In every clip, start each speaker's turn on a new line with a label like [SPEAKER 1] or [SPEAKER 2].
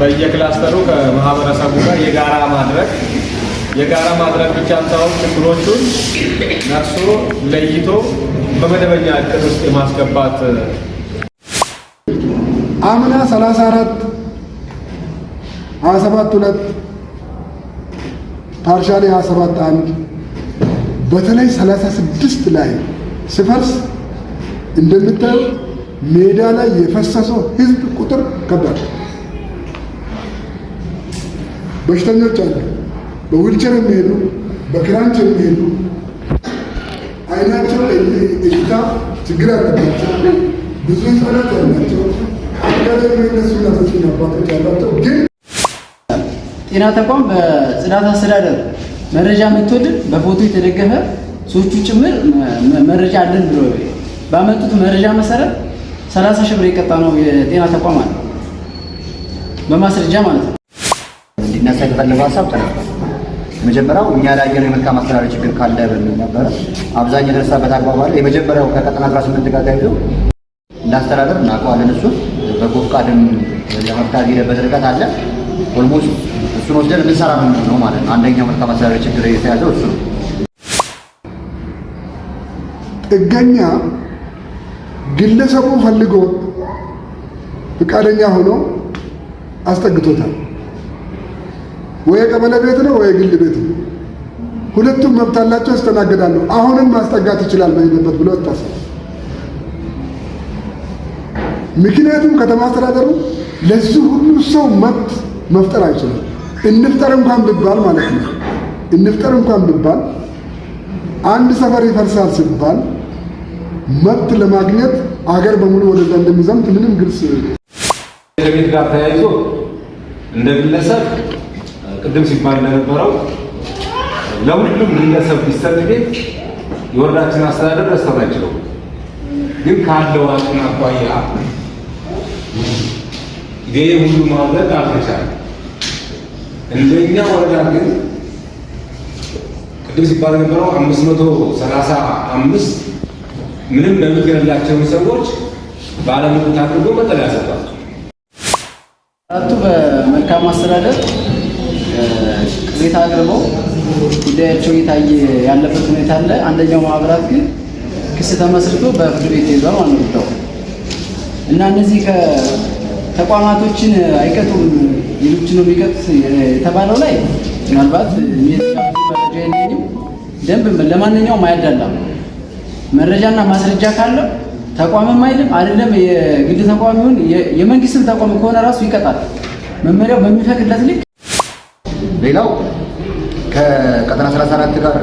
[SPEAKER 1] በየክላስተሩ ከማህበረሰቡ ጋር የጋራ ማድረግ የጋራ ማድረግ ብቻ ሳይሆን ችግሮቹን ነርሶ ለይቶ በመደበኛ እቅድ ውስጥ የማስገባት
[SPEAKER 2] አምና 34 27 ሁለት ፓርሻሊ 27 አንድ በተለይ 36 ላይ ስፈርስ እንደምታዩ ሜዳ ላይ የፈሰሰው ህዝብ ቁጥር ከባድ ነው። በሽተኞች አሉ፣ በዊልቸር የሚሄዱ በክራንች የሚሄዱ አይናቸው እይታ ችግር ያለባቸው ብዙ ህጻናት ያላቸው አንዳንድ የሚነሱ እናቶችና አባቶች ያላቸው ግን
[SPEAKER 3] ጤና ተቋም በጽዳት አስተዳደር መረጃ የምትወድድ በፎቶ የተደገፈ ሰዎቹ ጭምር መረጃ አለን ብሎ ባመጡት መረጃ መሰረት ሰላሳ ሺህ ብር የቀጣ ነው የጤና ተቋም አለ በማስረጃ ማለት ነው።
[SPEAKER 4] ሊነሳ የተፈለገው ሀሳብ ተነስቷል። የመጀመሪያው እኛ ላየነው የመልካም አስተዳደር ችግር ካለ በሚል ነበረ። አብዛኛው የተነሳበት አግባብ አለ። የመጀመሪያው ከቀጠና 18 ጋር ተያይዞ እንዳስተዳደር እናውቀዋለን። እሱ በጎ ፈቃድም ለመፍታት የሄደበት ርቀት አለ። ኦልሞስት እሱን ወስደን የምንሰራ ነው ማለት ነው። አንደኛው መልካም አስተዳደር ችግር የተያዘው እሱ ነው።
[SPEAKER 2] ጥገኛ ግለሰቡ ፈልጎ ፈቃደኛ ሆኖ አስጠግቶታል። ወይ የቀበሌ ቤት ነው ወይ የግል ቤት ነው። ሁለቱም መብት አላቸው፣ ይስተናገዳሉ። አሁንም ማስጠጋት ይችላል መሄድበት ብሎ ይታሰብ። ምክንያቱም ከተማ አስተዳደሩ ለዚህ ሁሉ ሰው መብት መፍጠር አይችልም። እንፍጠር እንኳን ቢባል ማለት ነው እንፍጠር እንኳን ቢባል አንድ ሰፈር ይፈርሳል ሲባል መብት ለማግኘት አገር በሙሉ ወደዛ እንደሚዘምት ምንም ግልጽ
[SPEAKER 1] ከቤት ጋር ተያይዞ እንደ ግለሰብ ቅድም ሲባል እንደነበረው ለሁሉም ግለሰብ ቢሰጥ ቤት የወረዳችን አስተዳደር ሊሰራ አይችልም። ግን ካለው አቅም አኳያ ይሄ ሁሉ ማድረግ አልተቻለም። እንደኛ ወረዳ ግን ቅድም ሲባል የነበረው አምስት መቶ ሰላሳ አምስት ምንም መብት የሌላቸውን ሰዎች ባለመብት አድርጎ መጠለያ ሰጥቷል።
[SPEAKER 3] አራቱ በመልካም አስተዳደር ጉዳያቸው እየታየ ያለበት ሁኔታ አለ። አንደኛው ማህበራት ግን ክስ ተመስርቶ በፍርድ ቤት ይዟል ማለት ነው እና እነዚህ ተቋማቶችን አይቀጡም ሌሎች ነው የሚቀጡት የተባለው ላይ ምናልባት መረጃ የለኝም። ደንብ ለማንኛውም አያዳላም። መረጃና ማስረጃ ካለው ተቋምም አይልም አይደለም የግል ተቋም ይሁን የመንግስትም ተቋም ከሆነ ራሱ ይቀጣል መመሪያው በሚፈቅድለት ልክ
[SPEAKER 4] ሌላው ከቀጠና 34 ጋር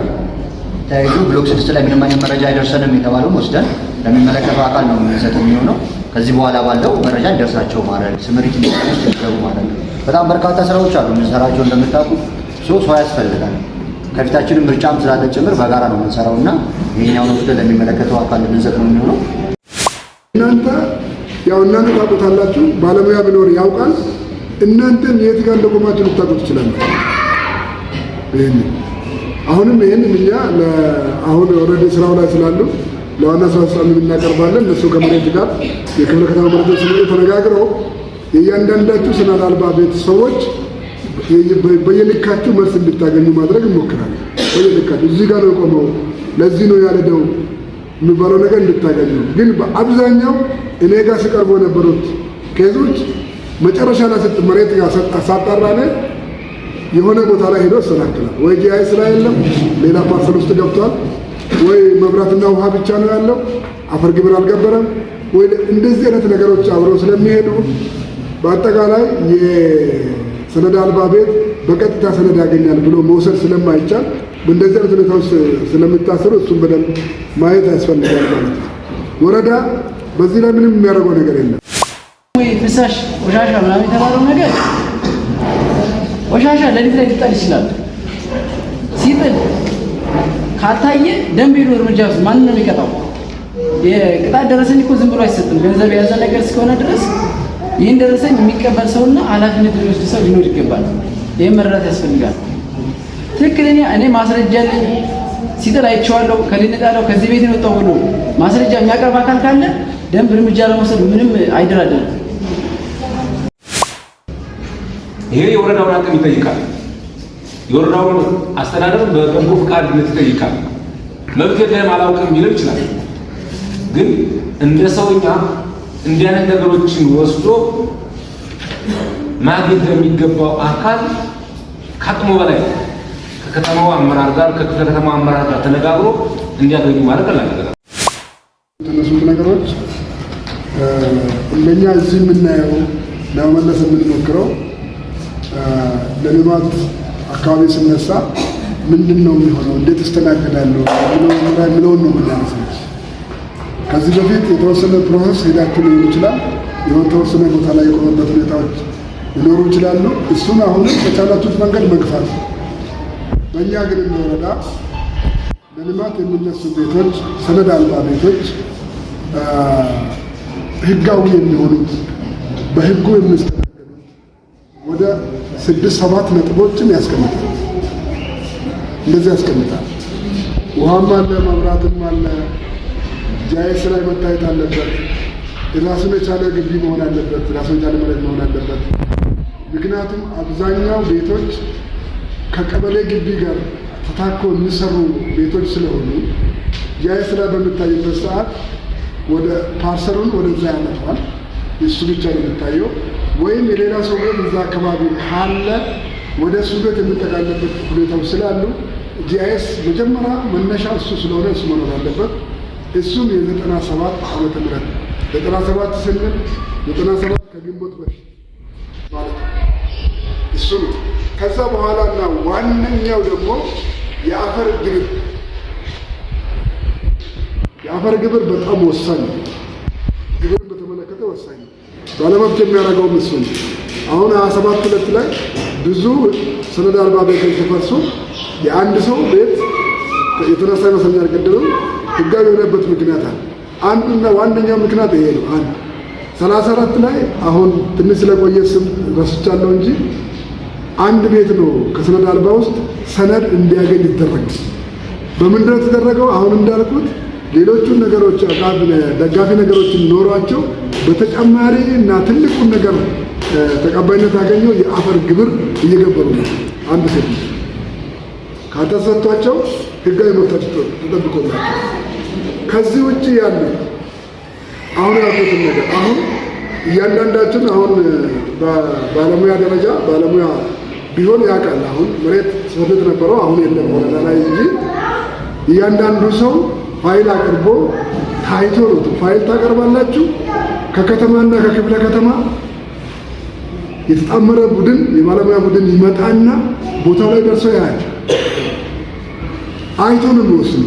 [SPEAKER 4] ተያይዞ ብሎክ ስድስት ላይ ምንም አይነት መረጃ አይደርሰንም የተባለውን ወስደን ለሚመለከተው አካል ነው የምንሰጥ የሚሆነው። ከዚህ በኋላ ባለው መረጃ እንደርሳቸው ማለት ስምሪት ውስጥ ይገቡ ማለት ነው። በጣም በርካታ ስራዎች አሉ የምንሰራቸው እንደምታውቁ ሰው ሰው ያስፈልጋል። ከፊታችንም ምርጫም ስላለ ጭምር በጋራ ነው የምንሰራው እና ይህኛውን ወስደን ለሚመለከተው አካል ልንሰጥ ነው የሚሆነው።
[SPEAKER 2] እናንተ ያው እናንተ ታውቁታላችሁ፣ ባለሙያ ቢኖር ያውቃል። እናንተም የት ጋር እንደቆማችሁ ልታውቁ ትችላላችሁ። ይህን አሁንም ይሄን እኛ አሁን ኦልሬዲ ስራው ላይ ስላሉ ለዋና ስራ አስፈጻሚ እናቀርባለን። እነሱ ከመሬት ጋር የክፍለ ከተማ መረጃ ስለ ተነጋግረው የእያንዳንዳችሁ ስናት አልባ ቤተሰቦች በየልካችሁ መልስ እንድታገኙ ማድረግ እንሞክራለን። በየልካችሁ እዚህ ጋር ነው የቆመው ለዚህ ነው ያለደው የሚባለው ነገር እንድታገኙ። ግን በአብዛኛው እኔ ጋር ስቀርቦ የነበሩት ኬዞች መጨረሻ ላይ መሬት ጋር ሳጣራነ የሆነ ቦታ ላይ ሄዶ ያሰናክላል። ወይ ጂአይኤስ ላይ የለም፣ ሌላ ፓርሰል ውስጥ ገብቷል፣ ወይ መብራትና ውሃ ብቻ ነው ያለው፣ አፈር ግብር አልገበረም፣ ወይ እንደዚህ አይነት ነገሮች አብረው ስለሚሄዱ በአጠቃላይ የሰነድ አልባ ቤት በቀጥታ ሰነድ ያገኛል ብሎ መውሰድ ስለማይቻል እንደዚህ አይነት ሁኔታዎች ስለሚታሰሩ እሱን በደንብ ማየት ያስፈልጋል ማለት ነው። ወረዳ በዚህ ላይ ምንም የሚያደርገው ነገር የለም።
[SPEAKER 3] ወይ ፍሳሽ ቆሻሻ ምናምን የተባለው ነገር ቆሻሻ ለሊት ላይ ሊጣል ይችላል። ሲጥል ካልታየ ደንብ ሄዶ እርምጃ ውስጥ ማንን ነው የሚቀጣው? የቅጣት ደረሰኝ እኮ ዝም ብሎ አይሰጥም። ገንዘብ የያዘ ነገር እስከሆነ ድረስ ይህን ደረሰኝ የሚቀበል ሰውና ኃላፊነት የሚወስድ ሰው ሊኖር ይገባል። ይህም መረዳት ያስፈልጋል። ትክክለኛ እኔ ማስረጃ ያለኝ ሲጥል አይቼዋለሁ፣ ከዚህ ቤት የወጣው ብሎ ማስረጃ የሚያቀርብ አካል ካለ ደንብ እርምጃ ለመውሰድ ምንም አይደራደርም።
[SPEAKER 1] ይሄ የወረዳውን አቅም ይጠይቃል። የወረዳውን አስተዳደር በበጎ ፈቃደኝነት ይጠይቃል። መብት የለም አላውቅም ሊለው ይችላል። ግን እንደ ሰውኛ እንዲህ አይነት ነገሮችን ወስዶ ማግኘት ለሚገባው አካል ከአቅሙ በላይ ከከተማው አመራር ጋር ከክፍለ ከተማው አመራር ጋር ተነጋግሮ እንዲያገኙ ማለት ቀላል ነገር
[SPEAKER 2] የተነሱት ነገሮች እነኛ እዚህ የምናየው ለመመለስ የምንሞክረው ለልማት አካባቢ ስነሳ ምንድን ነው የሚሆነው፣ እንዴት እስተናገዳለሁ የሚለውን ነው ምናነሰ ከዚህ በፊት የተወሰነ ፕሮሰስ ሄዳችሁ ሊሆን ይችላል። የሆነ ተወሰነ ቦታ ላይ የቆመበት ሁኔታዎች ሊኖሩ ይችላሉ። እሱን አሁን በቻላችሁት መንገድ መግፋት። በእኛ ግን እንደወረዳ ለልማት የሚነሱ ቤቶች፣ ሰነድ አልባ ቤቶች ህጋዊ የሚሆኑት በህጉ የሚስተናገዱት ወደ ስድስት ሰባት ነጥቦችን ያስቀምጣል። እንደዚህ ያስቀምጣል። ውሃም አለ፣ መብራትም አለ። ጃይስ ላይ መታየት አለበት። ራሱን የቻለ ግቢ መሆን አለበት። ራሱን የቻለ መሬት መሆን አለበት። ምክንያቱም አብዛኛው ቤቶች ከቀበሌ ግቢ ጋር ተታኮ የሚሰሩ ቤቶች ስለሆኑ ጃይስ ላይ በሚታይበት ሰዓት ወደ ፓርሰሉን ወደዛ ያመጣዋል። እሱ ብቻ ነው የሚታየው። ወይም የሌላ ሰው ቤት እዛ አካባቢ ካለ ወደ እሱ ቤት የምንጠቃለበት ሁኔታው ስላሉ ጂአይኤስ መጀመሪያ መነሻ እሱ ስለሆነ እሱ መኖር አለበት። እሱም የዘጠና ሰባት ዓመተ ምህረት ዘጠና ሰባት ስንል ዘጠና ሰባት ከግንቦት በፊት ማለት ነው። እሱ ነው። ከዛ በኋላ እና ዋነኛው ደግሞ የአፈር ግብር የአፈር ግብር በጣም ወሳኝ ነው። ግብርን በተመለከተ ወሳኝ ነው። ባለመብት የሚያደርገው እሱ ነው። አሁን ሀያ ሰባት ሁለት ላይ ብዙ ሰነድ አልባ ቤቶች ሲፈርሱ የአንድ ሰው ቤት የተነሳ ይመስለኛል ቅድም ህጋዊ የሆነበት ምክንያት አለ። አንዱና ዋነኛው ምክንያት ይሄ ነው። አንድ ሰላሳ አራት ላይ አሁን ትንሽ ስለቆየ ስም ረስቻለሁ እንጂ አንድ ቤት ነው ከሰነድ አልባ ውስጥ ሰነድ እንዲያገኝ ይደረግ። በምንድነው የተደረገው? አሁን እንዳልኩት ሌሎቹን ነገሮች ደጋፊ ነገሮችን ኖሯቸው በተጨማሪ እና ትልቁን ነገር ተቀባይነት ያገኘው የአፈር ግብር እየገበሩ ነው። አንድ ሴት ካልተሰጥቷቸው ህጋዊ መብታቸው ተጠብቆላቸው ከዚህ ውጭ ያሉ አሁን ያልኩትን ነገር አሁን እያንዳንዳችን አሁን ባለሙያ ደረጃ ባለሙያ ቢሆን ያውቃል። አሁን መሬት ስፈት ነበረው፣ አሁን የለም ወረዳ ላይ እንጂ እያንዳንዱ ሰው ፋይል አቅርቦ ታይቶ ነው። ፋይል ታቀርባላችሁ። ከከተማና ከክፍለ ከተማ የተጣመረ ቡድን የባለሙያ ቡድን ይመጣና ቦታ ላይ ደርሶ ያያል። አይቶ ነው የሚወስኑ